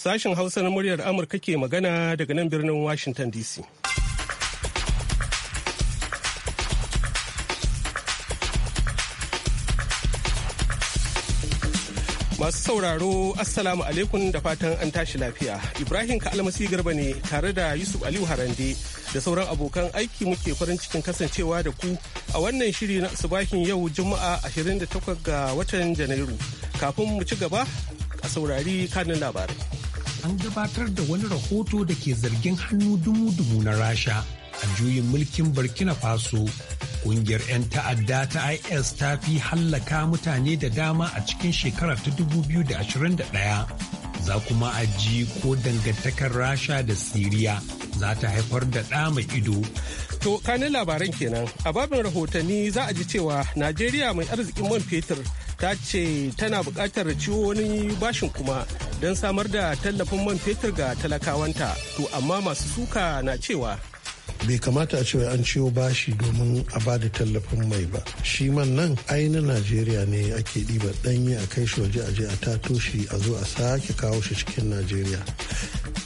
Sashen Hausa na muryar Amurka ke magana daga nan birnin Washington DC. Masu sauraro, Assalamu alaikum da fatan an tashi lafiya. Ibrahim Ka'almasi Garba ne tare da Yusuf Aliyu Harande da sauran abokan aiki muke farin cikin kasancewa da ku a wannan shiri na subahin yau Juma'a 28 ga watan Janairu. Kafin mu ci gaba a saurari kanin labarai. an gabatar da wani rahoto da ke zargin hannu dumu-dumu na rasha a juyin mulkin burkina faso kungiyar 'yan ta'adda ta is ta fi hallaka mutane da dama a cikin shekarar ta 2021 za kuma a ji ko dangantakar rasha da siriya za ta haifar da ɗa mai ido To kanin labaran kenan a babin rahotanni za a ji cewa Najeriya mai arzikin man fetur ta ce tana buƙatar ciwo wani bashin kuma don samar da tallafin man fetur ga talakawanta to amma masu suka na cewa bai kamata a cewa an ciwo bashi domin a ba da tallafin mai ba shi man nan ai na najeriya ne ake ɗiba ɗanye a kai shi waje aje a tato shi a zo a sake kawo shi cikin najeriya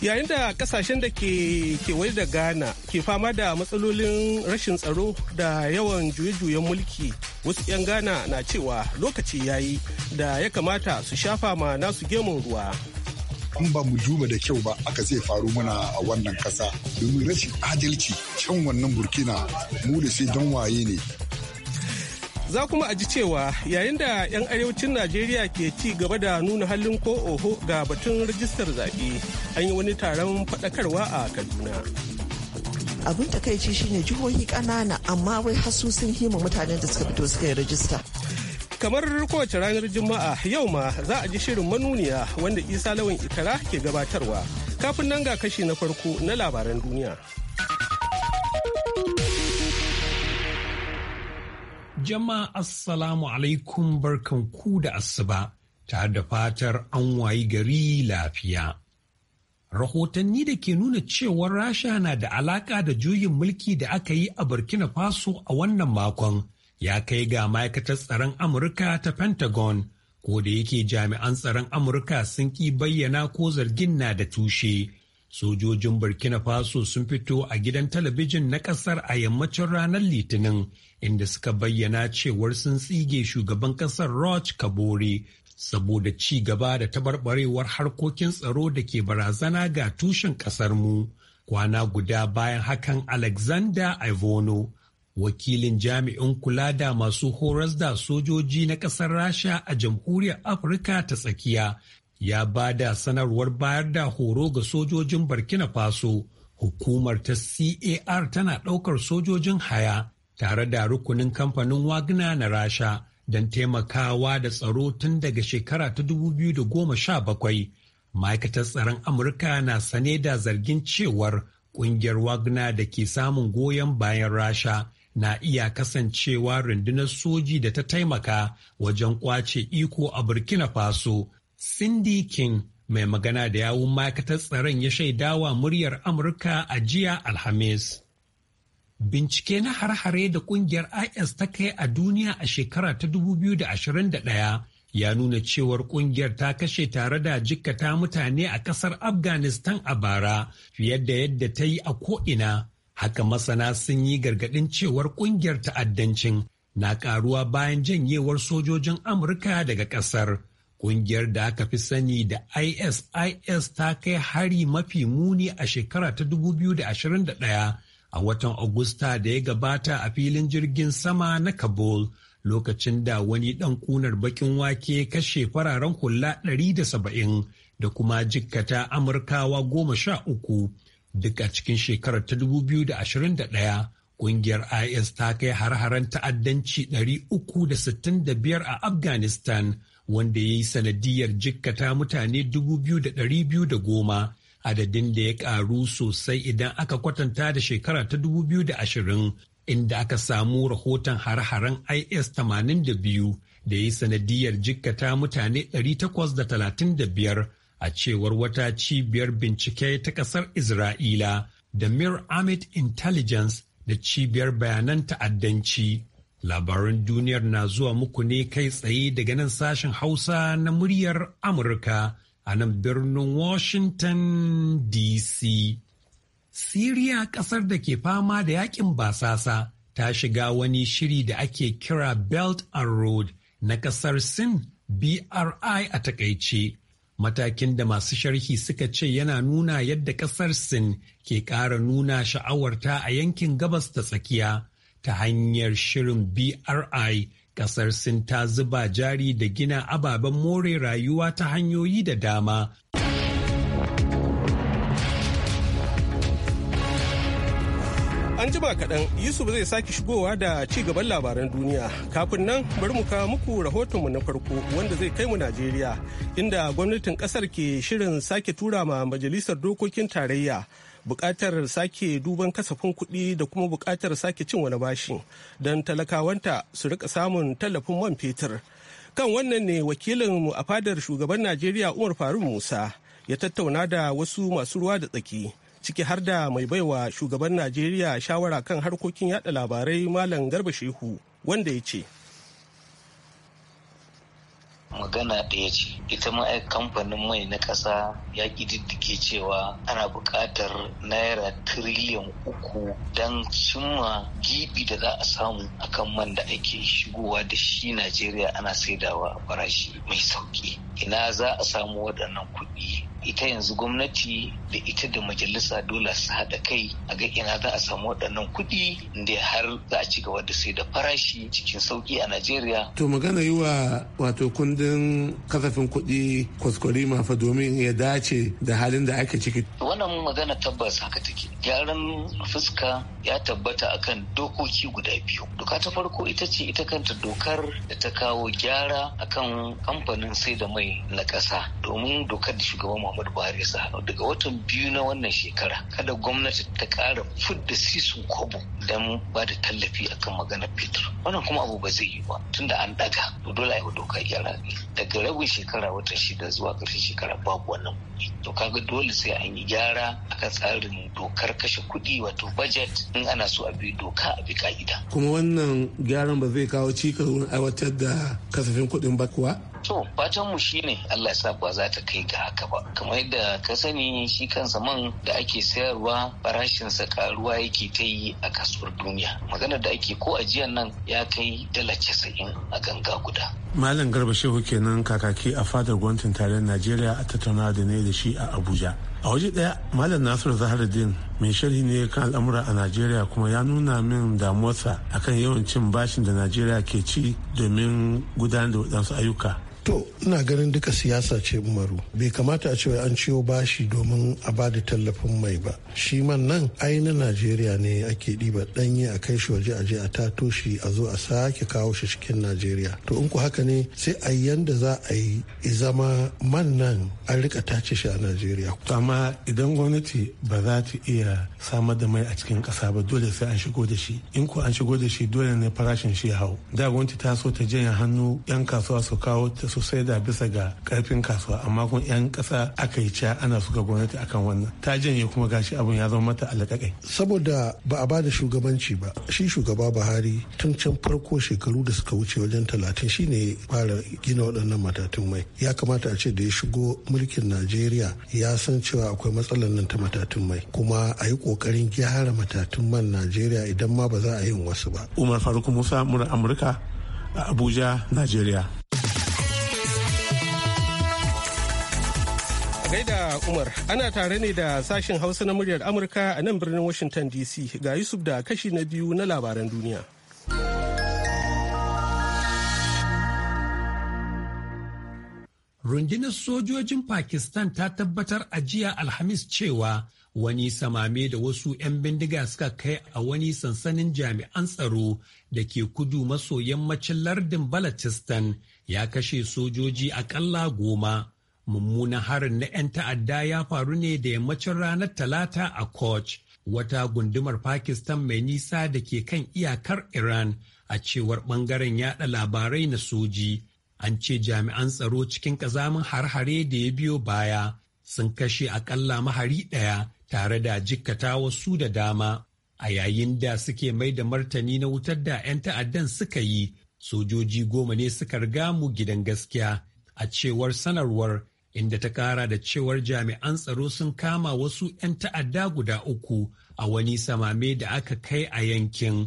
yayin da kasashen da ke kewaye da ghana ke fama da matsalolin rashin tsaro da yawan juye-juyen mulki wasu 'yan ghana na cewa lokaci ya yi da ya kamata su shafa ma nasu gemun ruwa in ba mu duba da kyau ba aka zai faru mana a wannan kasa domin rashin adalci can wannan burkina mu da sai don waye ne Za kuma a ji cewa yayin da 'yan arewacin Najeriya ke ci gaba da nuna halin ko oho ga batun rajistar zaɓe an yi wani taron faɗakarwa a Kaduna. abin takaici shine jihohi ƙanana amma wai hasu sun hima mutanen da suka fito suka yi rajista kamar kowace ranar juma'a yau ma za a ji shirin manuniya wanda isa lawan ikara ke gabatarwa kafin nan ga kashi na farko na labaran duniya Jama'a Assalamu alaikum barkan ku da asuba ta da fatar an wayi gari lafiya. Rahotanni da ke nuna cewar Rasha na da alaka da juyin mulki da aka yi a Burkina Faso a wannan makon ya kai ga ma'aikatar tsaron Amurka ta Pentagon. Ko da yake jami'an tsaron Amurka sun ki bayyana ko zargin na da tushe. sojojin burkina faso sun fito a gidan talabijin na kasar a yammacin ranar litinin inda suka bayyana cewar sun tsige shugaban kasar roch kabore saboda ci gaba da tabarbarewar harkokin tsaro da ke barazana ga tushen mu kwana guda bayan hakan alexander ivono wakilin jami'in kula da masu horas da sojoji na ƙasar rasha a jamhuriyar afirka ta tsakiya ya ba da sanarwar bayar da horo ga sojojin Burkina Faso. Hukumar ta CAR tana ɗaukar sojojin haya tare da rukunin kamfanin Wagner na Rasha don taimakawa da tsaro tun daga shekara ta 2017. Ma'aikatar tsaron Amurka na sane da zargin cewar ƙungiyar Wagner da ke samun goyon bayan Rasha na iya kasancewa rundunar soji da ta taimaka wajen kwace iko a Burkina Faso. Cindy King mai magana da yawun ma'aikatar tsaron ya shaidawa muryar Amurka a jiya Alhamis. Bincike na har-hare da kungiyar IS ta kai a duniya a shekara ta 2021 ya nuna cewar kungiyar ta kashe tare da jikkata mutane a kasar Afghanistan a bara fiye da yadda ta yi a ko'ina. Haka masana sun yi gargaɗin cewar kungiyar ta'addancin na ƙaruwa bayan janyewar sojojin Amurka daga ƙasar. Ƙungiyar da aka fi sani da ISIS ta kai hari mafi muni a shekara ta 2021 a watan Agusta da ya gabata a filin jirgin sama na Kabul lokacin da wani ɗan ƙunar bakin wake kashe fararen hula 170 da kuma jikkata Amurkawa goma sha uku duk a cikin shekarar ta 2021 Ƙungiyar IS ta kai har-haren ta'addanci 365 a Afghanistan. wanda ya yi sanadiyar jikkata mutane goma adadin da ya karu sosai idan aka kwatanta da shekara ta ashirin, inda aka samu rahoton har-haren is 82 da ya yi sanadiyar jikkata mutane takwas da da talatin biyar, a cewar wata cibiyar bincike ta ƙasar isra'ila da mir Amit intelligence da cibiyar bayanan ta'addanci Labaran duniyar na zuwa muku ne kai tsaye daga nan sashen Hausa na muryar Amurka a nan birnin Washington DC. Siriya ƙasar da ke fama da yakin basasa ta shiga wani shiri da ake kira Belt and Road na ƙasar Sin BRI a takaice. Matakin da masu sharhi suka ce yana nuna yadda ƙasar Sin ke ƙara nuna sha'awarta a yankin gabas ta tsakiya. ta hanyar shirin BRI ƙasar Sin ta zuba jari da gina ababen more rayuwa ta hanyoyi da dama. An jima kaɗan Yusuf zai sake shigowa da ci gaban labaran duniya. Kafin nan bari mu kawo muku rahotonmu na farko wanda zai kai mu Najeriya inda gwamnatin ƙasar ke shirin sake tura ma majalisar dokokin tarayya buƙatar sake duban kasafin kuɗi da kuma buƙatar sake cin wani bashi don talakawanta su rika samun tallafin man fetur kan wannan ne wakilin mu a fadar shugaban najeriya umar faruk musa ya tattauna da wasu masu ruwa da tsaki ciki har da mai baiwa shugaban najeriya shawara kan harkokin yada labarai malam garba shehu wanda ya ce magana ɗaya ce ita ma kamfanin mai na ƙasa ya ƙididdike cewa ana buƙatar naira tiriliyan uku don cimma gibi da za a samu akan man da ake shigowa da shi najeriya ana saidawa a farashi mai sauƙi ina za a samu waɗannan kuɗi ita yanzu gwamnati da ita da majalisa dole su haɗa kai a ga ina za a samu waɗannan kuɗi da har za a ci gaba da sai da farashi cikin sauki a Najeriya. To magana yi wa wato kundin kasafin kuɗi kwaskwari fa domin ya dace da halin da ake ciki. Wannan magana tabbas haka take. Gyaran fuska ya tabbata akan dokoki guda biyu. Doka ta farko ita ce ita kanta dokar da ta kawo gyara akan kamfanin sai da mai na ƙasa domin dokar da shugaban Muhammadu Buhari sa hannu daga watan biyu na wannan shekara kada gwamnati ta ƙara fudda sisun kwabo don ba da tallafi akan maganar fetur wannan kuma abu ba zai yi ba tunda an daga to dole a yi doka gyara daga rabin shekara watan shida zuwa ƙarshen shekara babu wannan to kaga dole sai an yi gyara akan tsarin dokar kashe kuɗi wato budget in ana so a bi doka a bi ka'ida kuma wannan gyaran ba zai kawo cikas wurin aiwatar da kasafin kuɗin ba kuwa To fatan mu shine Allah ya sa ba za ta kai ga haka ba. Kamar yadda ka sani shi kansa man da ake sayarwa farashin farashinsa karuwa yake ta yi a kasuwar duniya. Maganar da ake ko ajiyar nan ya kai dala casa'in a ganga guda. Malam Garba Shehu kenan kakaki a fadar gwamnatin tarayyar Najeriya a tattauna da ne da shi a Abuja. a waje daya malam nasir zaharuddin mai sharhi ne kan al'amura a najeriya kuma ya nuna min damuwarsa akan yawan cin bashin da najeriya ke ci domin gudanar da waɗansu ayyuka To, ina ganin duka siyasa ce umaru. Bai kamata a cewa an ciyo bashi domin a ba da tallafin mai ba. Shi man nan ai na Najeriya ne ake ɗiba ɗanye a kai shi waje a je a tato shi a zo a sake kawo shi cikin Najeriya. To in ku haka ne sai a yanda za a yi zama man nan an rika tace shi a Najeriya. Amma idan gwamnati ba za ta iya samar da mai a cikin ƙasa ba dole sai an shigo da shi. In ku an shigo da shi dole ne farashin shi ya hau. Da gwamnati ta so ta janye hannu 'yan kasuwa su kawo ta su da bisa ga karfin kasuwa amma kun 'yan kasa aka yi ca ana suka gwamnati akan wannan ta janye kuma gashi abun ya zama mata alƙaƙai saboda ba a bada shugabanci ba shi shugaba buhari tun can farko shekaru da suka wuce wajen talatin shine fara gina waɗannan matatun mai ya kamata a ce da ya shigo mulkin najeriya ya san cewa akwai matsalar nan ta matatun mai kuma a yi ƙoƙarin gyara matatun man najeriya idan ma ba za a yin wasu ba umar faruk musa mura amurka a abuja najeriya da Umar, ana tare ne da sashen Hausa na muryar Amurka a nan birnin Washington DC ga Yusuf da kashi na biyu na labaran duniya. Rundunar sojojin Pakistan ta tabbatar a jiya Alhamis cewa wani samame da wasu 'yan bindiga suka kai a wani sansanin jami'an tsaro da ke kudu maso yammacin lardin Balochistan ya kashe sojoji akalla goma. mummunan harin na 'yan ta'adda ya faru ne da yammacin ranar talata a koch wata gundumar pakistan mai nisa da ke kan iyakar iran a cewar bangaren yada labarai na soji an ce jami'an tsaro cikin kazamin har-hare da ya biyo baya sun kashe akalla mahari ɗaya tare da jikkata wasu da dama a yayin da suke mai da martani na wutar da 'yan ta'addan suka yi sojoji goma ne suka riga mu gidan gaskiya a cewar sanarwar inda ta kara da cewar jami'an tsaro sun kama wasu 'yan ta'adda guda uku a wani samame da aka kai a yankin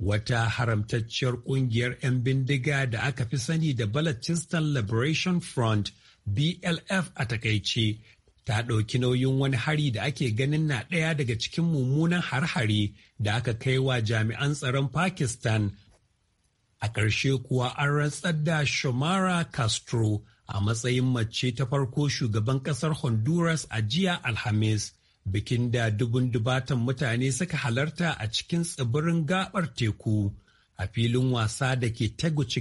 wata haramtacciyar kungiyar 'yan bindiga da aka fi sani da Balochistan Liberation Front BLF a takaice ta ɗauki nauyin wani hari da ake ganin na ɗaya daga cikin mummunan harhari da aka kai wa jami'an tsaron Pakistan. A ƙarshe kuwa an rantsar da Shomara Castro a matsayin mace ta farko shugaban kasar Honduras a jiya Alhamis, bikin da dubun dubatan mutane suka halarta a cikin tsibirin gabar teku a filin wasa da ke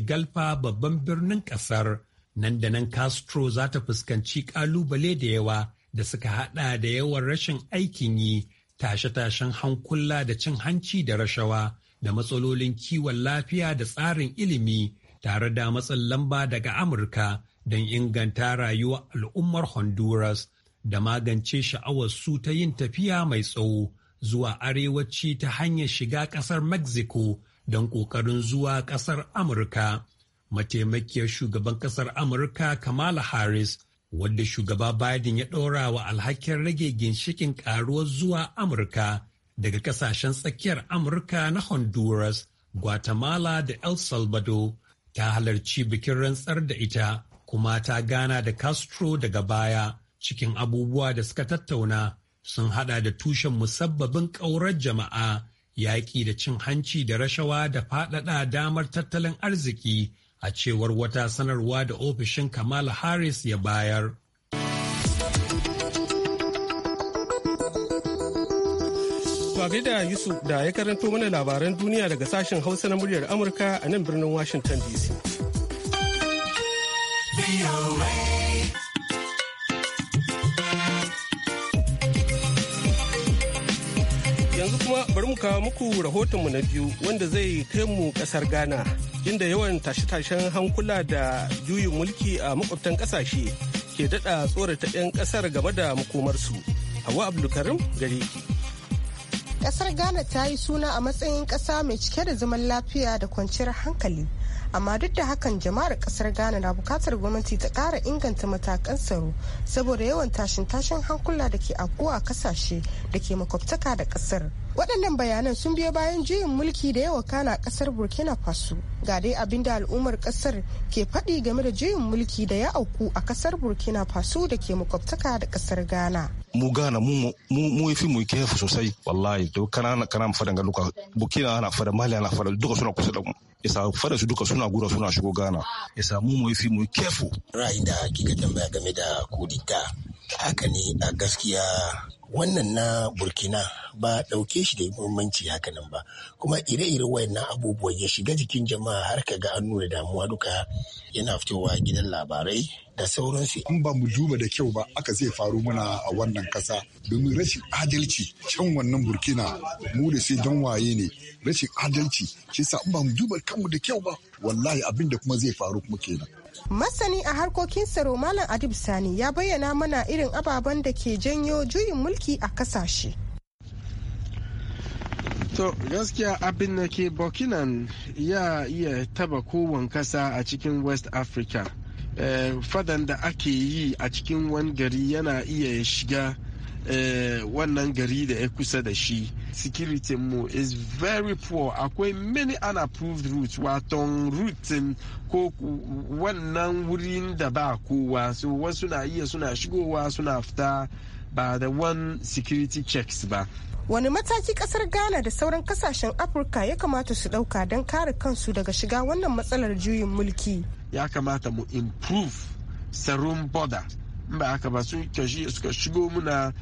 galfa babban birnin kasar. Nan da nan Castro za ta fuskanci kalubale da yawa da suka haɗa da yawan rashin aikin yi, tashe-tashen hankula da cin hanci da rashawa. da matsalolin kiwon lafiya da tsarin ilimi tare da matsin lamba daga Amurka don inganta rayuwar al'ummar Honduras da magance sha'awar su ta yin tafiya mai tsawo zuwa arewaci ta hanyar shiga ƙasar Mexico don ƙoƙarin zuwa ƙasar Amurka. Mataimakiyar shugaban ƙasar Amurka Kamala Harris, wadda shugaba Biden ya ɗora wa alhakin rage ginshikin ƙaruwar zuwa Amurka daga ƙasashen tsakiyar Amurka na Honduras, Guatemala da El Salvador, ta halarci bikin rantsar da ita kuma ta gana da Castro daga baya cikin abubuwa da suka tattauna sun hada da tushen musabbabin ƙaurar jama'a yaƙi da cin hanci da rashawa da faɗaɗa damar tattalin arziki a cewar wata sanarwa da ofishin Kamal Harris ya bayar. Babe da Yusuf da ya karanto mana labaran duniya daga sashen Hausa na muryar Amurka a nan birnin Washington DC. Yanzu kuma bari mu kawo muku rahotonmu na biyu wanda zai kai mu kasar Ghana inda yawan tashe-tashen hankula da juyin mulki a makwabtan kasashe ke daɗa tsorata 'yan kasar game da makomarsu. Hawa Abdulkarim gare ki. Kasar Ghana ta yi suna a matsayin ƙasa mai cike da zaman lafiya da kwanciyar hankali. amma duk da hakan jama'ar kasar ghana na bukatar gwamnati ta kara inganta matakan tsaro saboda yawan tashin tashin hankula da ke afkuwa a kasashe da ke makwabtaka da kasar waɗannan bayanan sun biyo bayan juyin mulki da yawa kana kasar burkina faso ga dai abin da al'ummar kasar ke faɗi game da juyin mulki da ya auku a kasar burkina faso da ke makwabtaka da kasar ghana mu gana mu mu fi mu kefu sosai wallahi to kana kana fada ga duka bukina na fada mali na fada duka suna kusa da mu isa fada su duka suna gura suna shigo gana isa mu mu fi mu kefu ra'ayin da kika tambaya game da ta haka ne a gaskiya wannan na burkina ba ɗauke shi da muhimmanci haka nan ba kuma ire-ire wayannan abubuwan ya shiga jikin jama'a har ka ga an nuna damuwa duka yana fitowa gidan labarai da sauransu. In ba mu duba da kyau ba aka zai faru mana a wannan kasa domin rashin adalci can wannan burkina mu da sai don waye ne rashin adalci shi sa in ba mu duba kanmu da kyau ba wallahi abin da kuma zai faru kuma kenan. Masani a harkokin tsaro Malam Adib Sani ya bayyana mana irin ababen da ke janyo juyin mulki a kasashe. To gaskiya abin da ke Burkina ya iya taba kowan kasa a cikin West Africa. Eh, fadan da ake yi a cikin wani gari yana iya shiga Eh, wannan gari da ya kusa da shi security mu is very poor akwai many unapproved routes waton route ko wannan wurin da ba kowa so wasu na iya suna shigowa suna fita ba da one security checks ba wani mataki kasar ghana da sauran kasashen afirka ya kamata su dauka don kare kansu daga shiga wannan matsalar juyin mulki ya kamata mu improve tsaron border in ba haka ba su suka shigo muna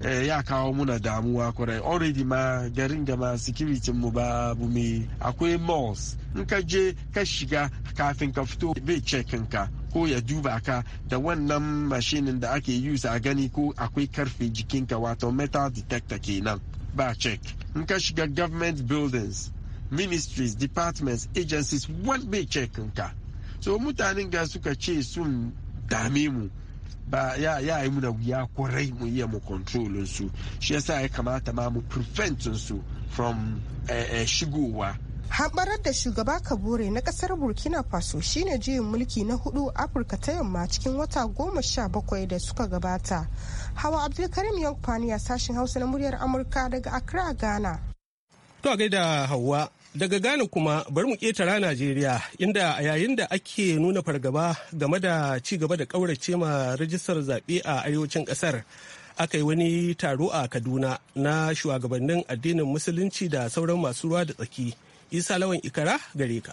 eh, ya kawo muna damuwa kwarai already ma garin da ma security mu ba bu me akwai malls in ka je ka shiga kafin ka fito bai cekin ka ko ya duba ka da wannan mashinin da ake use a gani ko akwai karfe jikinka wato metal detector kenan ba check in ka shiga government buildings ministries departments agencies wani bai cekin ka so mutanen ga suka ce sun dame mu ba ya ya yi muna ko kwarai mu iya mu kontrolin su shi yasa ya kamata ma mu prevent su from eh, eh, shigowa haɓarar da shugaba kabore na ƙasar burkina faso shine juyin mulki na hudu afirka ta yamma cikin wata goma sha bakwai da suka gabata hawa abdulkarim yankfani a sashin hausa na muryar amurka daga accra ghana to gaida hawa Daga Ghana kuma bari mu ƙetara Najeriya inda a yayin da ake nuna fargaba game da ci gaba da ƙaurace ma rajistar zaɓe a arewacin ƙasar. Aka yi wani taro a Kaduna na shugabannin addinin Musulunci da sauran masu ruwa da tsaki. Isa Lawan Ikara gare ka.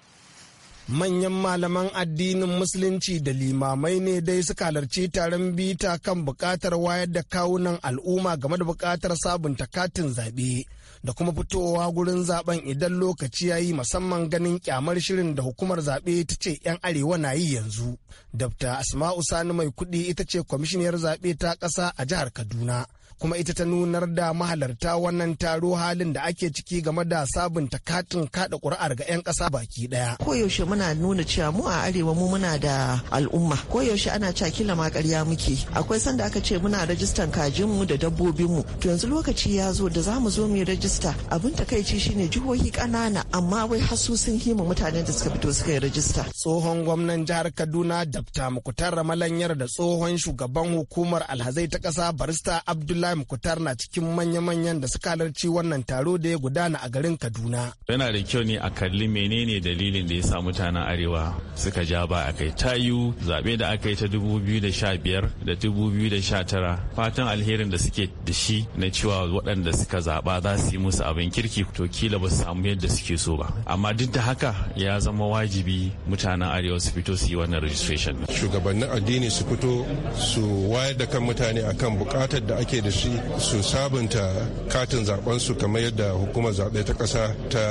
manyan malaman addinin musulunci da limamai ne dai suka halarci taron bita kan bukatar wayar da kawunan al'umma game da bukatar sabunta katin zaɓe da kuma fitowa gurin zaben idan lokaci ya yi musamman ganin kyamar shirin da hukumar zaɓe ta ce 'yan arewa na yi yanzu. Dr. Asma'u Sani mai kuɗi ita ce kwamishiniyar zaɓe ta ƙasa a jihar Kaduna. kuma ita ta nunar da mahalarta wannan taro halin da ake ciki game da sabunta katin kada kuri'ar ga 'yan ƙasa baki ɗaya. Koyaushe muna nuna cewa mu a arewa mu muna da al'umma. Koyaushe ana cakila ma ƙarya muke. Akwai sanda aka ce muna rajistan kajinmu da dabbobin mu. To yanzu lokaci ya zo da za mu zo mu rajista. Abin takaici shine jihohi ƙanana amma wai hasu sun hima mutanen da suka fito suka yi rajista. Tsohon gwamnan jihar Kaduna Dr. Mukutar Ramalanyar da tsohon shugaban hukumar alhazai ta ƙasa Barista Abdullahi abdullahi mukutar na cikin manya-manyan da suka halarci wannan taro da ya gudana a garin kaduna yana da kyau ne a kalli menene dalilin da ya sa mutanen arewa suka ja ba a kai tayu zabe da aka yi ta 2015 da 2019 fatan alherin da suke da shi na cewa waɗanda suka zaɓa za su yi musu abin kirki to kila ba su samu yadda suke so ba amma duk da haka ya zama wajibi mutanen arewa su fito su yi wannan registration shugabannin addini su fito su wayar da kan mutane akan bukatar da ake da shi su sabunta katin zaben su kamar yadda hukumar zaɓe ta ƙasa ta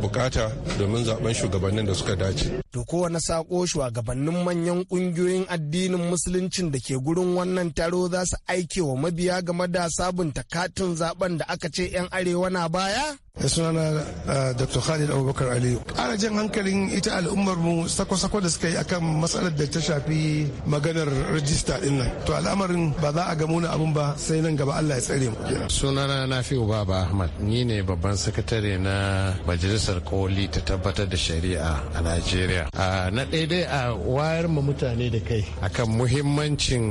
bukata domin zaben shugabannin da suka dace. To kowane sako shugabannin manyan ƙungiyoyin addinin musuluncin da ke gurin wannan taro za su aike wa mabiya game da sabunta katin zaben da aka ce 'yan arewa na baya? da sunana ah, dr khalid abubakar aliyu ana jan hankalin ita al'ummar mu sako-sako da suka yi akan matsalar da ta shafi maganar rajista din nan to al'amarin ba za a ga muna abun ba sai nan gaba allah ya tsare mu sunana na fi baba ahmad ni ne babban sakatare na majalisar koli ta tabbatar da shari'a a najeriya ah, na daidai a wayar ma mutane da kai akan muhimmancin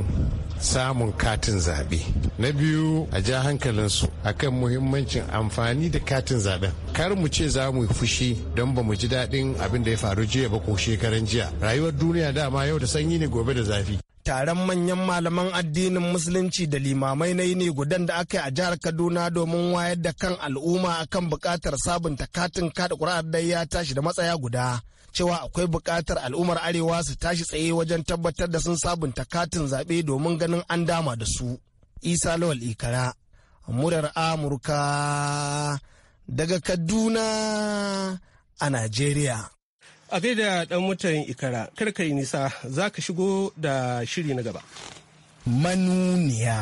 samun katin zaɓe na biyu a ja hankalinsu akan muhimmancin amfani da katin zaɓen kar mu ce za mu fushi don ba mu ji daɗin abin da ya faru jiya ba ko shekaran jiya rayuwar duniya dama yau da sanyi ne gobe da zafi taron manyan malaman addinin musulunci da limamai na ne gudan da aka yi a jihar kaduna domin wayar da kan al'umma akan buƙatar sabunta katin kada ƙuri'ar dai ya tashi da matsaya guda cewa akwai buƙatar al'ummar arewa su tashi tsaye wajen tabbatar da sun sabunta katin zaɓe domin ganin an dama da su isa lawal ikara murar amurka daga kaduna a najeriya a gaida dan mutan ikara karkai nisa za ka shigo da shiri na gaba manuniya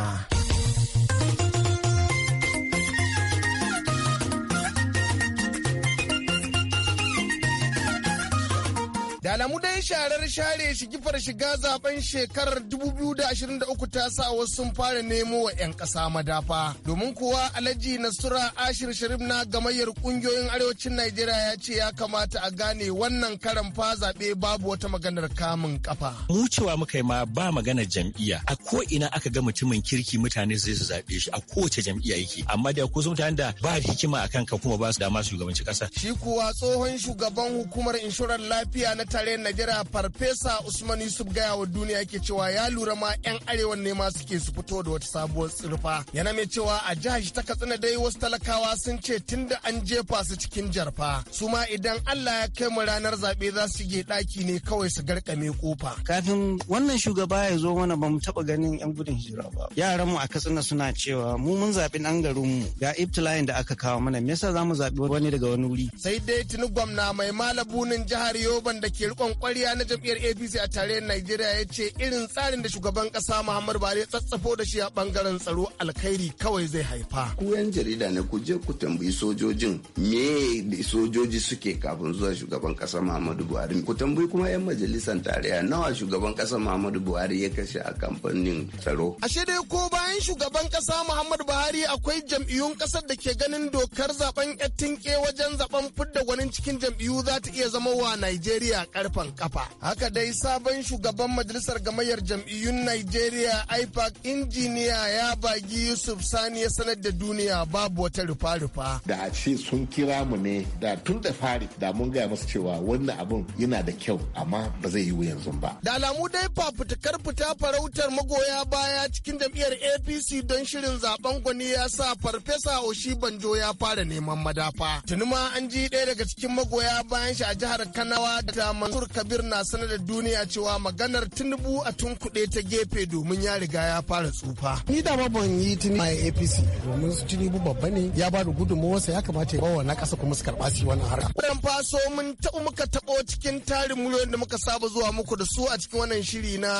alamu dai sharar share shi shigifar shiga zaben shekarar 2023 ta sa wasu sun fara nemo wa 'yan ƙasa madafa. Domin kuwa Alhaji Nasura Ashir Sharif na gamayyar ƙungiyoyin arewacin Najeriya ya ce ya kamata a gane wannan karan fa zaɓe babu wata maganar kamun kafa. Mu cewa muka yi ma ba magana jam'iyya. A ko ina aka ga mutumin kirki mutane zai su zaɓe shi a kowace jam'iyya yake. Amma da ko mutanen da ba hikima akan ka kuma ba su dama shugabanci ƙasa. Shi kuwa tsohon shugaban hukumar inshorar lafiya na tare tarayyar najeriya farfesa usman yusuf gaya wa duniya yake cewa ya lura ma 'yan arewan ne ma suke su fito da wata sabuwar tsirfa yana mai cewa a jihar shi ta katsina dai wasu talakawa sun ce tun da an jefa su cikin jarfa su ma idan allah ya kai mu ranar zaɓe za su shige ɗaki ne kawai su garkame kofa kafin wannan shugaba ya zo mana ba mu taɓa ganin 'yan gudun hijira ba yaran mu a katsina suna cewa mu mun zaɓi ɗan garin mu ga iftilayin da aka kawo mana me yasa za mu zaɓi wani daga wani wuri sai dai tuni gwamna mai malabunin jihar yoban da ke rikon kwarya na jam'iyyar apc a tarayyar nigeria ya ce irin tsarin da shugaban kasa muhammadu buhari ya tsatsafo da shi a bangaren tsaro alkhairi kawai zai haifa ku yan jarida ne ku je ku tambayi sojojin me sojoji suke kafin zuwa shugaban kasa muhammadu buhari ku tambayi kuma yan majalisar tarayya nawa shugaban kasa muhammadu buhari ya kashe a kamfanin tsaro ashe dai ko bayan shugaban kasa muhammadu buhari akwai jam'iyyun kasar da ke ganin dokar zaben yattinke wajen zaben fidda gwanin cikin jam'iyyu za ta iya zama wa najeriya karfan kafa. Haka dai sabon shugaban majalisar gamayyar jam'iyyun Najeriya IPAC injiniya ya bagi Yusuf Sani ya sanar da duniya babu wata rufa-rufa. Da a ce sun kira mu ne da tun da fari da mun gaya musu cewa wannan abun yana da kyau amma ba zai yiwu yanzu ba. Da alamu dai fafutukar fita farautar magoya baya cikin jam'iyyar APC don shirin zaben gwani ya sa farfesa Oshi Banjo ya fara neman madafa. Tuni ma an ji ɗaya daga cikin magoya bayan shi a jihar Kanawa da Mansur Kabir na sanar da duniya cewa maganar Tinubu a tunkuɗe ta gefe domin ya riga ya fara tsufa. Ni da ma ban yi tuni a APC domin su Tinubu babba ne ya ba da gudunmawarsa ya kamata ya bawa na ƙasa kuma su karɓa su wannan harka. Wannan faso mun taɓa muka taɓo cikin tarin miliyoyin da muka saba zuwa muku da su a cikin wannan shiri na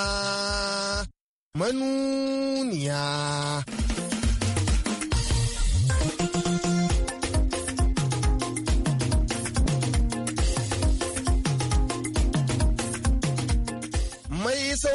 manuniya.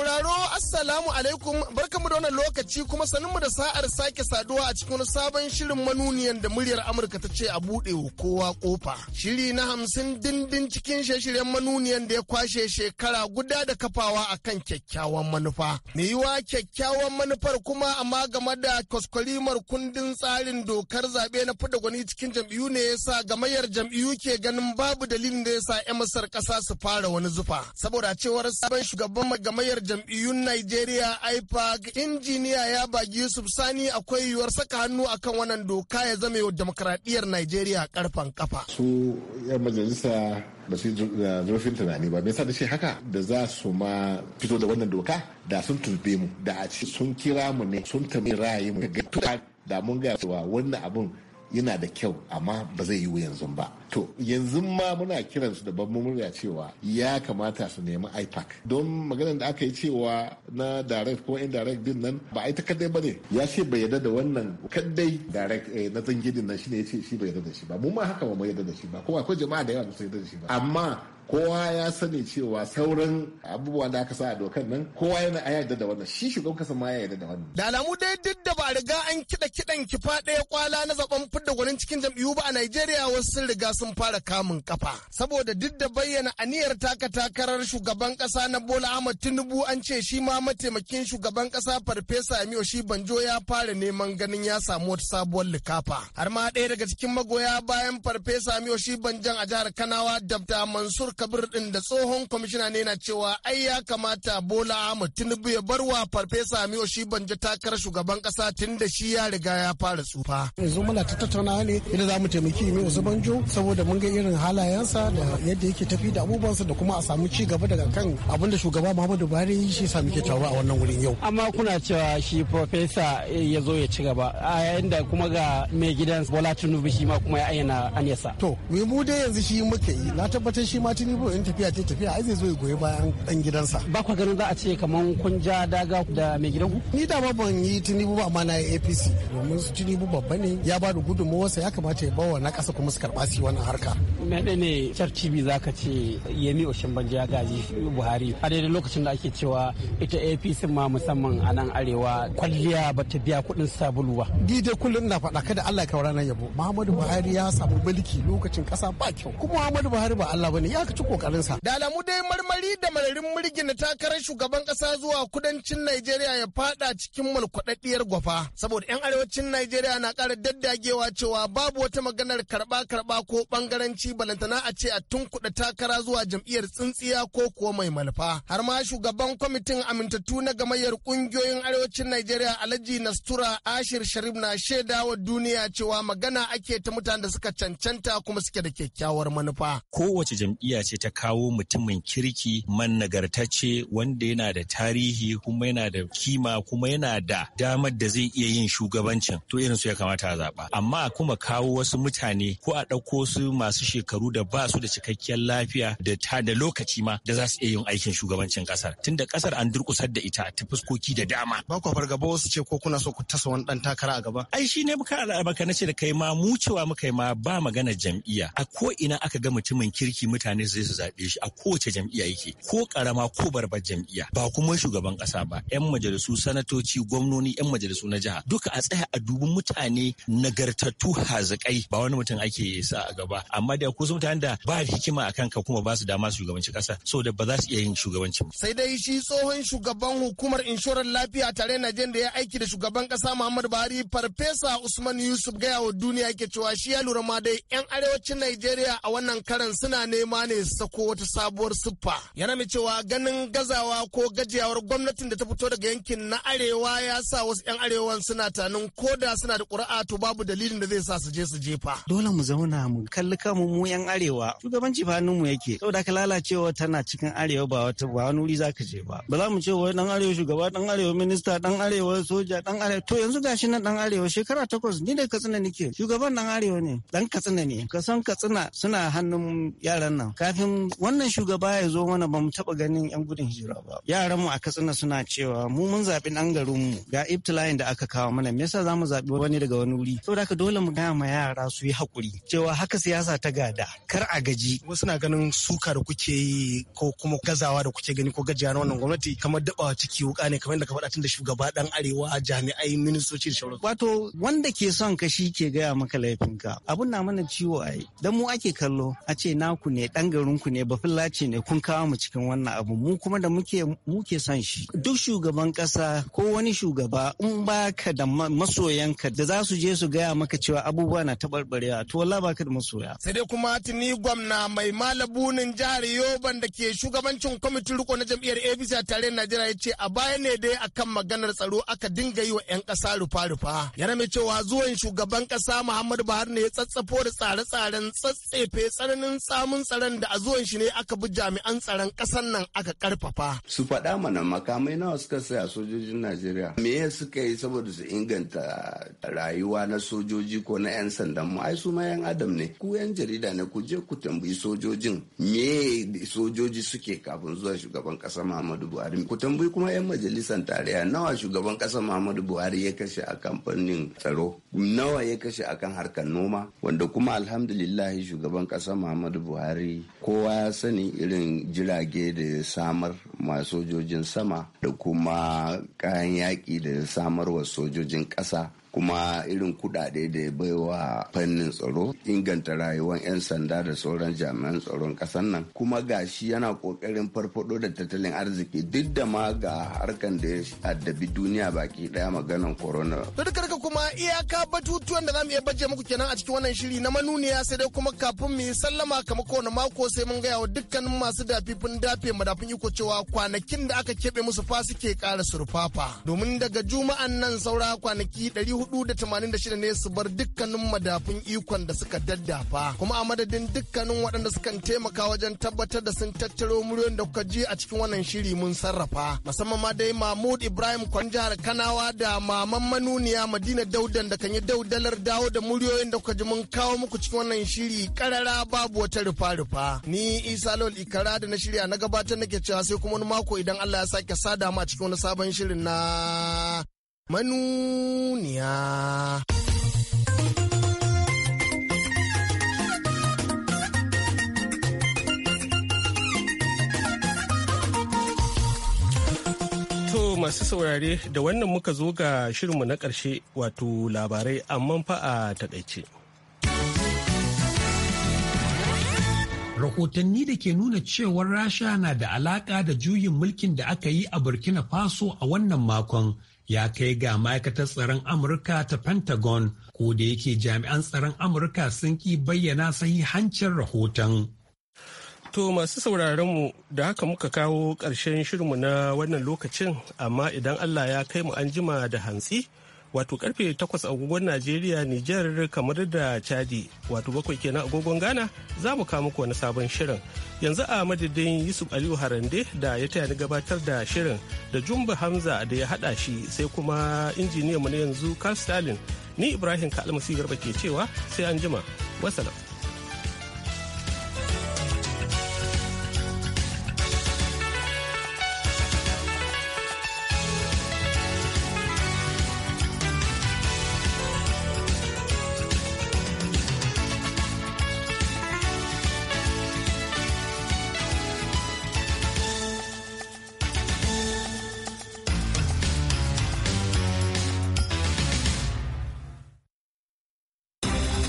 sauraro assalamu alaikum barkamu da wannan lokaci kuma sanin mu da sa'ar sake saduwa a cikin sabon shirin manuniyan da muryar Amurka ta ce a buɗe wa kowa kofa. Shiri na hamsin dindin cikin shirye-shiryen manuniyan da ya kwashe shekara guda da kafawa akan kyakkyawan manufa. Me yiwa kyakkyawan manufar kuma amma game da kwaskwalimar kundin tsarin dokar zaɓe na fida gwani cikin jam'iyyu ne ya sa gamayyar jam'iyyu ke ganin babu dalilin da ya sa masar ƙasa su fara wani zufa. Saboda cewar sabon shugaban gamayyar jam'iyyun Najeriya IPAC injiniya ya bagi Yusuf Sani akwai yiwuwar saka hannu akan wannan doka ya zame wa demokradiyyar Najeriya karfan kafa. Su ya majalisa ba su zurfin tunani ba me sa da shi haka da za su ma fito da wannan doka da sun turbe mu da a ci sun kira mu ne sun tambayi ra'ayi mu ga da mun ga cewa wannan abun yana da kyau amma ba zai yiwu yanzu ba to yanzu ma muna kiran su da babban murya cewa ya kamata su nemi ipac don maganar da aka yi cewa na direct ko indirect din nan ba ai ta kadai ba ne ya ce bai yarda da wannan kaddai direct eh, na zangidin nan shine ya ce shi bai yarda da shi ba mu ma haka ba mu yarda da shi ba kuma akwai jama'a da yawa da su yarda da shi ba amma kowa ya sani cewa sauran abubuwa da aka sa a dokan nan kowa yana a yarda da wannan shi shugaban kasa ma ya yarda da wannan da alamu dai duk da ba riga an kiɗa kiɗan kifa ya kwala na zaben fidda gwanin cikin jam'iyyu ba a Najeriya wasu sun riga sun fara kamun kafa saboda duk da bayyana aniyar taka takarar shugaban kasa na Bola Ahmad Tinubu an ce shi ma mataimakin shugaban kasa Farfesa Amiyo shi Banjo ya fara neman ganin ya samu wata sabuwar likafa har ma ɗaya daga cikin magoya bayan Farfesa Amiyo shi Banjan a jihar Kanawa Dr. Mansur kabir din da tsohon kwamishina ne na cewa ai ya kamata bola ahmad tinubu ya bar wa farfesa miyo shi banja takarar shugaban kasa tun da shi ya riga ya fara tsufa yanzu muna ta tattauna ne yadda za mu taimaki miyo jo saboda mun ga irin halayensa da yadda yake tafi da abubuwansa da kuma a samu ci gaba daga kan abin da shugaba muhammadu buhari shi sami ke taruwa a wannan wurin yau amma kuna cewa shi farfesa eh, ya zo ya ci gaba a yayin da kuma ga mai gidan bola tinubu shi ma kuma ya ayyana aniyarsa to mu dai yanzu shi muke yi na tabbatar shi ma tinubu in tafiya ce tafiya ai zai zo ya goyi bayan dan gidansa ba kwa ganin za a ce kaman kun ja daga da mai gidanku ni da ma ban yi tinubu ba amma na yi apc domin su tinubu babba ne ya ba da gudunmawarsa ya kamata ya bawa na kasa kuma su karɓa su wannan harka mene ne char cibi za ka ce yemi oshinbanji ya gaji buhari a daidai lokacin da ake cewa ita apc ma musamman a nan arewa kwalliya ba ta biya kuɗin sabulu ba ni da kullum na faɗa kada allah ya kawo ranar yabo muhammadu buhari ya samu mulki lokacin ƙasa ba kyau kuma muhammadu buhari ba allah bane ya kokarin sa. Da alamu dai marmari da mararin murgin takarar shugaban kasa zuwa kudancin Najeriya ya fada cikin mulkwaɗaɗɗiyar gwafa. Saboda 'yan arewacin Najeriya na ƙara daddagewa cewa babu wata maganar karba karba ko ɓangaranci balantana a ce a tunkuɗa takara zuwa jam'iyyar tsintsiya ko kuwa mai malfa. Har ma shugaban kwamitin amintattu na gamayyar ƙungiyoyin arewacin Najeriya Alhaji Nastura Ashir Sharif na wa duniya cewa magana ake ta mutanen da suka cancanta kuma suke da kyakkyawar manufa. Kowace jam'iyya ce ta kawo mutumin kirki man nagartacce wanda yana da tarihi kuma yana da kima kuma yana da damar da zai iya yin shugabancin to irin su ya kamata a zaɓa amma kuma kawo wasu mutane ko a ɗauko su masu shekaru da ba su da cikakkiyar lafiya da ta da lokaci ma da za su iya yin aikin shugabancin kasar tunda kasar an durkusar da ita ta fuskoki da dama ba ku fargaba wasu ce ko kuna so ku tasa wani ɗan takara a gaba ai shi ne muka na ce da kai ma mu cewa muka ma ba magana jam'iyya a ko ina aka ga mutumin kirki mutane zai su zaɓe shi a kowace jam'iyya yake ko karama ko barbar jam'iyya ba kuma shugaban kasa ba 'yan majalisu sanatoci gwamnoni 'yan majalisu na jiha duka a tsaya a dubi mutane nagartattu hazakai ba wani mutum ake sa a gaba amma da kusa mutanen da ba hikima a kanka kuma ba su dama shugabanci ƙasa saboda ba za su iya yin shugabancin sai dai shi tsohon shugaban hukumar inshorar lafiya tare na da ya aiki da shugaban ƙasa Muhammadu Buhari farfesa Usman Yusuf gaya wa duniya ke cewa shi ya lura ma dai 'yan arewacin Najeriya a wannan karan suna nema ne zai sako wata sabuwar siffa yana mai cewa ganin gazawa ko gajiyawar gwamnatin da ta fito daga yankin na arewa ya sa wasu 'yan arewan suna tanin ko da suna da ƙuri'a to babu dalilin da zai sa su je su jefa dole mu zauna mu kalli kanmu mu 'yan arewa shugabanci ba mu yake saboda ka lalacewa tana cikin arewa ba wata ba wani wuri zaka je ba ba za mu ce wai dan arewa shugaba dan arewa minista dan arewa soja dan arewa to yanzu gashi nan dan arewa shekara takwas ni da katsina nike shugaban dan arewa ne dan katsina ne ka san katsina suna hannun yaran nan ka kafin wannan shugaba ya zo mana ba mu taba ganin 'yan gudun hijira ba. yaran mu a Katsina suna cewa mu mun zabi dan garin mu. ga iftilayin da aka kawo mana me yasa za mu zaɓi wani daga wani wuri. Saboda haka dole mu gaya ma yara su yi hakuri. cewa haka siyasa ta gada kar a gaji. Wasu na ganin suka da kuke yi ko kuma gazawa da kuke gani ko gajiya na wannan gwamnati kamar daɓawa ciki wuka ne kamar da ka faɗa tun da shugaba ɗan arewa jami'ai ministoci da shauransu. Wato wanda ke son ka shi ke gaya maka laifinka abun na mana ciwo ai dan mu ake kallo a ce naku ne dan garinku ne ba fillaci ne kun kawo mu cikin wannan abu mu kuma da muke muke son shi duk shugaban kasa ko wani shugaba in baka da masoyanka da za su je su gaya maka cewa abubuwa na taɓarɓarewa to walla baka da masoya sai dai kuma tuni gwamna mai malabunin jihar yoban da ke shugabancin kwamitin riko na jam'iyyar apc a tare najeriya ya ce a baya ne dai akan maganar tsaro aka dinga yi wa 'yan kasa rufa-rufa yana mai cewa zuwan shugaban ƙasa muhammadu buhari ne ya tsatsafo da tsare-tsaren tsatsefe tsananin samun tsaron da a zuwan shi ne aka bi jami'an tsaron ƙasar nan aka karfafa. Su faɗa mana makamai nawa suka saya sojojin Najeriya. Me ya suka yi saboda su inganta rayuwa na sojoji ko na 'yan sandan mu ai su ma 'yan adam ne. Ku 'yan jarida ne ku je ku tambayi sojojin me sojoji suke kafin zuwa shugaban ƙasa Muhammadu Buhari. Ku tambayi kuma 'yan majalisar tarayya nawa shugaban ƙasa Muhammadu Buhari ya kashe a kamfanin tsaro. Nawa ya kashe akan harkar noma wanda kuma alhamdulillahi shugaban kasa Muhammadu Buhari kowa ya sani irin jirage da ya samar ma sojojin sama da kuma kayan yaƙi da ya samar wa sojojin ƙasa kuma irin kudade da ya baiwa fannin tsaro inganta rayuwar 'yan sanda da sauran jami'an tsaron kasan nan kuma gashi yana kokarin farfado da tattalin arziki duk da ma ga harkan da ya addabi duniya baki ɗaya maganan corona. To kuma iyaka batutuwan da zamu iya baje muku kenan a cikin wannan shiri na manuniya sai dai kuma kafin mu sallama kamar kowane mako sai mun gaya wa dukkanin masu dafifin dafe madafin iko cewa kwanakin da aka keɓe musu fa suke ƙara surfafa domin daga juma'an nan saura kwanaki Hudu 486 ne su bar dukkanin madafun ikon da suka daddafa kuma a madadin dukkanin waɗanda suka taimaka wajen tabbatar da sun tattaro muryoyin da kuka ji a cikin wannan shiri mun sarrafa musamman ma dai mahmud ibrahim kwan jihar kanawa da maman manuniya madina daudan da kan yi daudalar dawo da muryoyin da kuka ji mun kawo muku cikin wannan shiri karara babu wata rufa-rufa ni isa lol ikara da na shirya na gabatar nake cewa sai kuma wani mako idan allah ya sake sada a cikin wani sabon shirin na manuniya. To masu saurare da wannan muka zo ga shirinmu na ƙarshe wato labarai amma fa a taɗaice. rahotanni da ke nuna cewar rasha na da alaka da juyin mulkin da aka yi a burkina faso a wannan makon ya kai ga ma'aikatar tsaron Amurka ta Pentagon ko da yake jami'an tsaron Amurka sun ki bayyana sahihancin rahoton. To masu mu da haka muka kawo ƙarshen shirinmu na wannan lokacin amma idan Allah ya kai mu an jima da hantsi wato karfe 8 agogon Najeriya, Nijar kamar da Chadi, wato bakwai kenan agogon Ghana za mu kawo muku wani sabon shirin. Yanzu a madadin Yusuf Aliyu Harande da ya taya ni gabatar da shirin da Jumba Hamza da ya hada shi sai kuma injiniyanmu na yanzu Carl Stalin. Ni Ibrahim Kalmasi Garba ke cewa sai an jima. Wasalam.